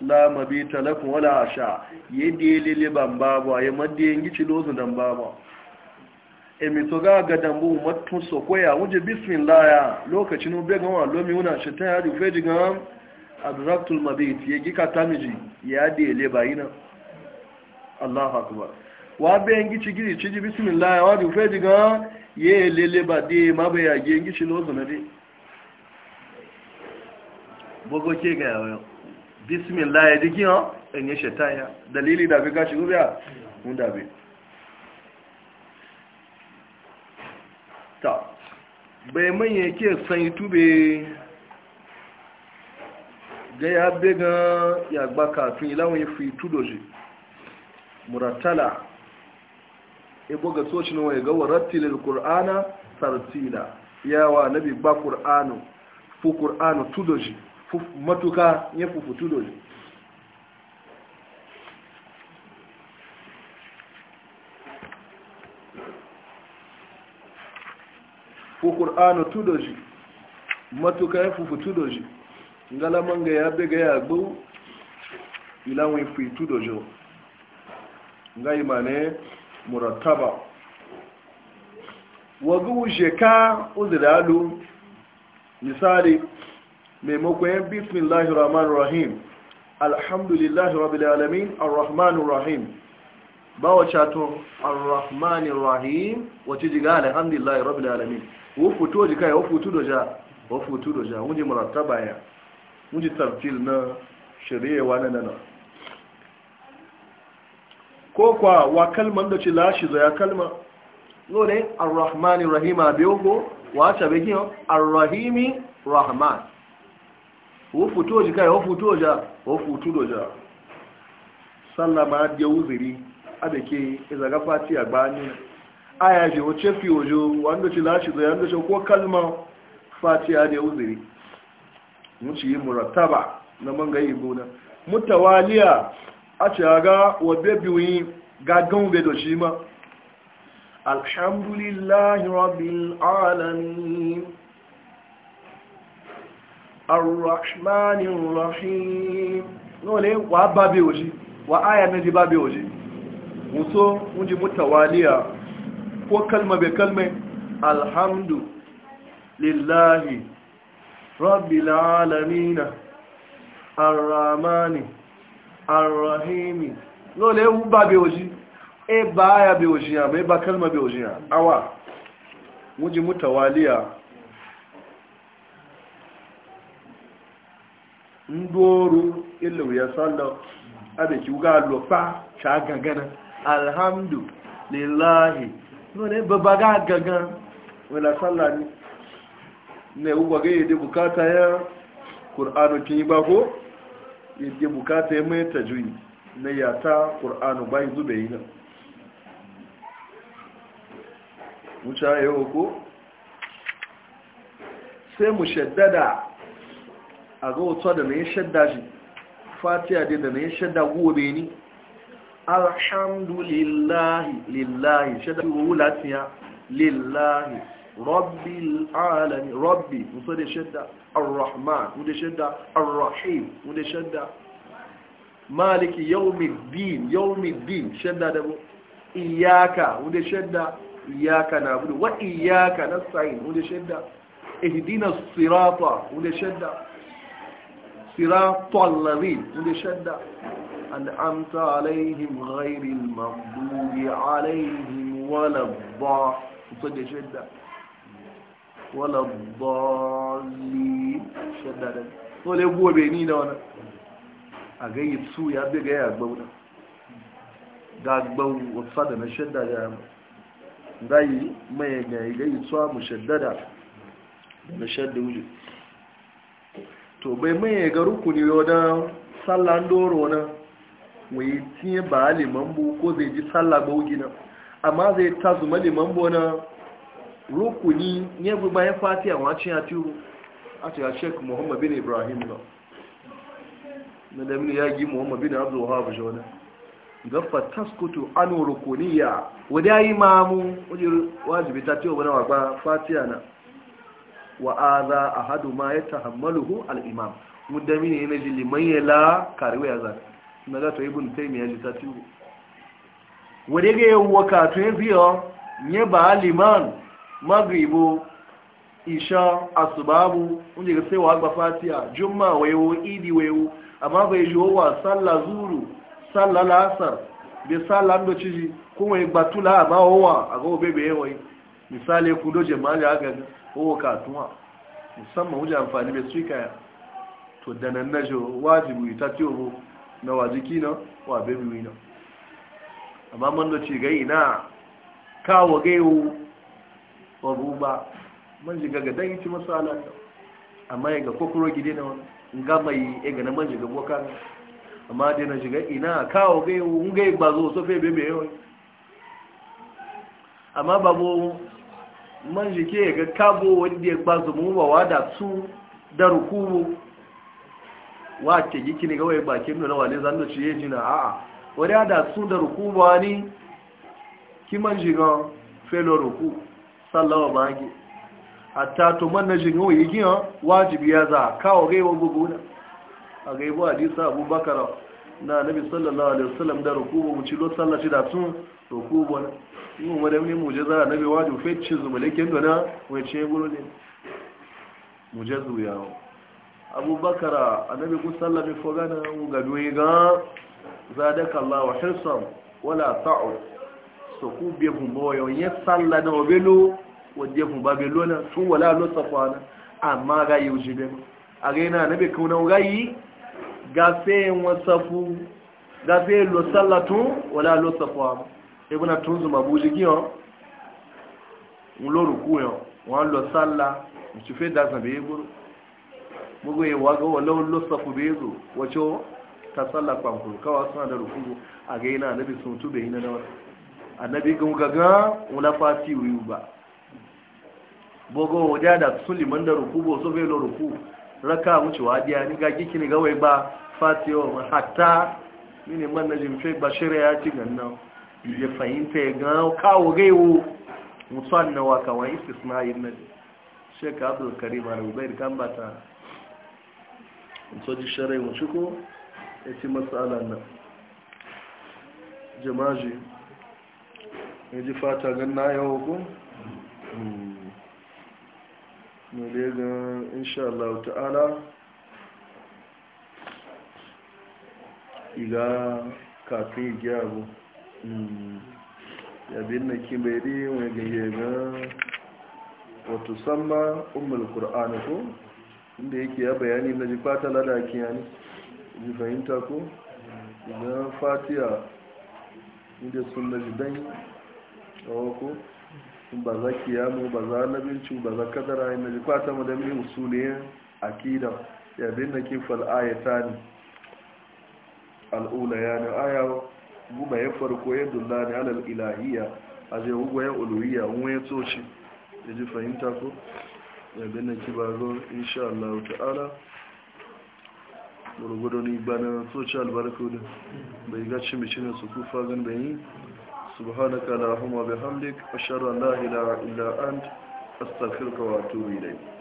la mabita lakum wala asha yadda ya lele ban babu a yi maddiyan gici lozun dan babu to ga ga dambu matun ya wuje bismillah ya lokacin ube ga wani lomi wuna shi ta yari ufe jiga abraktul mabit ya gika tamiji ya dele bayina allah akbar wa be ngi ci giri ci bismillah ya wadi ufe jiga ye lele ba de ma be ya ge ngi ci zo na de bogo ke ga yo bismillah ya digi ha enye ya dalili da be ga shi ubiya mun da be ta bai manya ke sanyi tube ga ya bega ya gba kafin ilawun ya fi tudoji muratala ibo ga na waya ga rattilin kur'ana tartila yawa nabi ba kur'anu fu kur'anu tudoji matuka ya fufu tudoji fu qur'anu tudoji matuka ya fufu tudoji ngala manga ya bega ya gbu ila wi fu tudojo ngai mane murattaba wagu sheka uzidalu misali maimakon yan bismillahir rahmanir rahim alhamdulillahi rabbil alamin arrahmanir rahim bawa chato arrahmani rahim wace jiga alhamdulillah rabbil alamin wofu to jika wofu tu doja wofu tu doja wuje murattaba ya wuje tartil na shari'a wannan nan ko kwa wa kalman da ci lashi ya kalma lole arrahmani rahima biyogo be begiyo arrahimi rahman wofu to jika wofu to ja wofu tu doja sallama ya uziri abeke izaga fati a gbani aya ce, wace fi ojo wanda ci lashi zai wanda ce ko kalma fati a da uzuri muci yi murattaba na manga yi gona mutawaliya a ce ga wabe biyu gagan ube da shi ma alhamdulillahi rabbil alamin الرحمن الرحيم نقول ايه وابا بيوجي وآية نجي بابي وجي wuto wuji mutawaliya ko kalma bai kalme alhamdu lillahi rabbil alamina arramani n'o lole ewu ba bai oji e ba aya bai oji ya mai ba kalma bai oji ya awa wuji mutawaliya ndoru ilu ya sallar abin ki wuga lofa ta gangana alhamdu lillahi nune babba ga gangan wala sallah ne ne ugwa ga yadda bukata ya ƙur'anu kin yi ba ko yadda bukata ya mai ta juyi na yata ƙur'anu ba yi zube yi nan wuce yau ko sai mu shaddada a ga wata da na yi shadda shi fatiya da na yi shadda gobe ni alhamdulillahi lillahi shaidu latiya lillahi rabbil alami rabbi muso da shaida arrahman mude shaida arrahim mude shaida maliki yawmiddin yawmiddin shaida da iyaka mude shaida iyaka na budu wa iyaka nasta'in mude shaida ihdina as-sirata mude shaida siratul ladhin inda shadda an'amta alaihim ghairil maghdubi alaihim waladdallin da shadda waladdallin shadda da so le gobe ni da wannan a gayi su ya bi ga ya gbau ga gbau wasa da na shadda ya gayi mai gayi gayi su mu da na to bai maye ga rukuni wadda sallan doro na wai tiye ba limambo ko zai ji sallah baugi na amma zai tazuma limambo na rukuni ne bu bayan fati a wacin ya turu a ce ya shek muhammad bin ibrahim ba na damini ya gi muhammad bin abdul wahab jona gafa taskutu anu rukuniya wadda ya yi mamu wajibi ta ce wa wani fatiya na wa aza hadu ma ya tahammaluhu al-imam muddami ne yana jili man ya la karewa ya zafi na ta yi taymiya ji ta tiwo wadda ga yawa ka to yin biyo nye ba liman magribo isha asubabu unje ga sai wa agba fatiya juma wayo idi wayo amma bai ji wa sallah zuru salla lasar bai sallah ndo ciji kuma gbatula ba wa a ga bai yawai misali ku doje mali aga ko katuwa musamman wuce amfani bai su ya to da nan na jo wajibu ita ce ho na wajiki na wa bebi na amma mando da ce gai na kawo gaiwo wa buba man jiga ga dan yi masala amma ya ga kokoro gide na wani nga mai ega na man jiga boka amma dai na jiga ina kawo gaiwo ngai ba zo so bebe yau amma babu man jike ga kabo wanda ya ba gbazu mubawa da su da rukubu wace giki ne gawai bakin nuna wane zan da ya jina a'a ya da su da ni wani man jigan felo ruku sallawa magi hatta to man na jigan wai gina wajibi ya za kawo gaiwa guguna a gaibu hadisa abubakar na nabi sallallahu alaihi wasallam da rukubu mu ci lo sallaci da sun rukubu na yi muje madami mujaza na bai wajen fecci zumulakin gana mai ce guru ne mujazu yawo abubakar annabi ku sallami fogana ga doyi ga zadaka Allah wa hirsan wala ta'o so ku biya fun wa yawon ya salla na obelo wadda ya ba belo na tun wala lo kwana amma ga yuji be a gai na annabi ku na ugayi ga sai wasafu ga sai lo sallatu wala lo kwana. ebona tunzu mabuji giyo ngoloru kuyo da za sálà ìtúfẹ́ dáadáa bèé gbúrú lo ìwàgọ́ wọlé olóṣàkù bèé zò wọ́chọ́ tasalla kwankuru kawa suna da rukuku a ga yana nabi sun tube yi na da wata annabi gan gaga wula fati wiwu ba bogo wajen da sun liman da rukuku so bai lo ruku raka wuce wa diya ni ga kiki ni gawai ba fati yau ma hatta mini man na jimfe ba shirya ya ci gannan ya fahimta ya ga kawo gaiwo musamman na waka wa istisna yin nan sheik abdul karim al-ubair kan ba ta soji sharai mu ciko ya ci matsalar nan jamaji ya ji fata gan na yawon ku hmm. mu da ya ga insha Allah ta'ala iga kafin gyaru yabin na kimeri mai gaye ga wato samma umar qur'ani ko inda yake ya bayani na ji fata ya kiyani ji fahimta ko na fatiya inda sun na jidan ko ba za kiyamu ba za nabinci ba za kadara ina ji fata mu da ne usuliyin akida yabin na kifar ayata ne al'ula yana ayawa guba ya farko ya dula da alal ilahiya a zai hugwa ya oluwiya wani ya toci ya ji fahimta ko ya yabe na kibarun insha Allah ta'ala gurgudu ni bana toci albarkudu bai gaci mace ne su kufa gan bayi subhanaka la huma bihamdik ashhadu an a ilaha illa a astaghfiruka wa atubu ilayk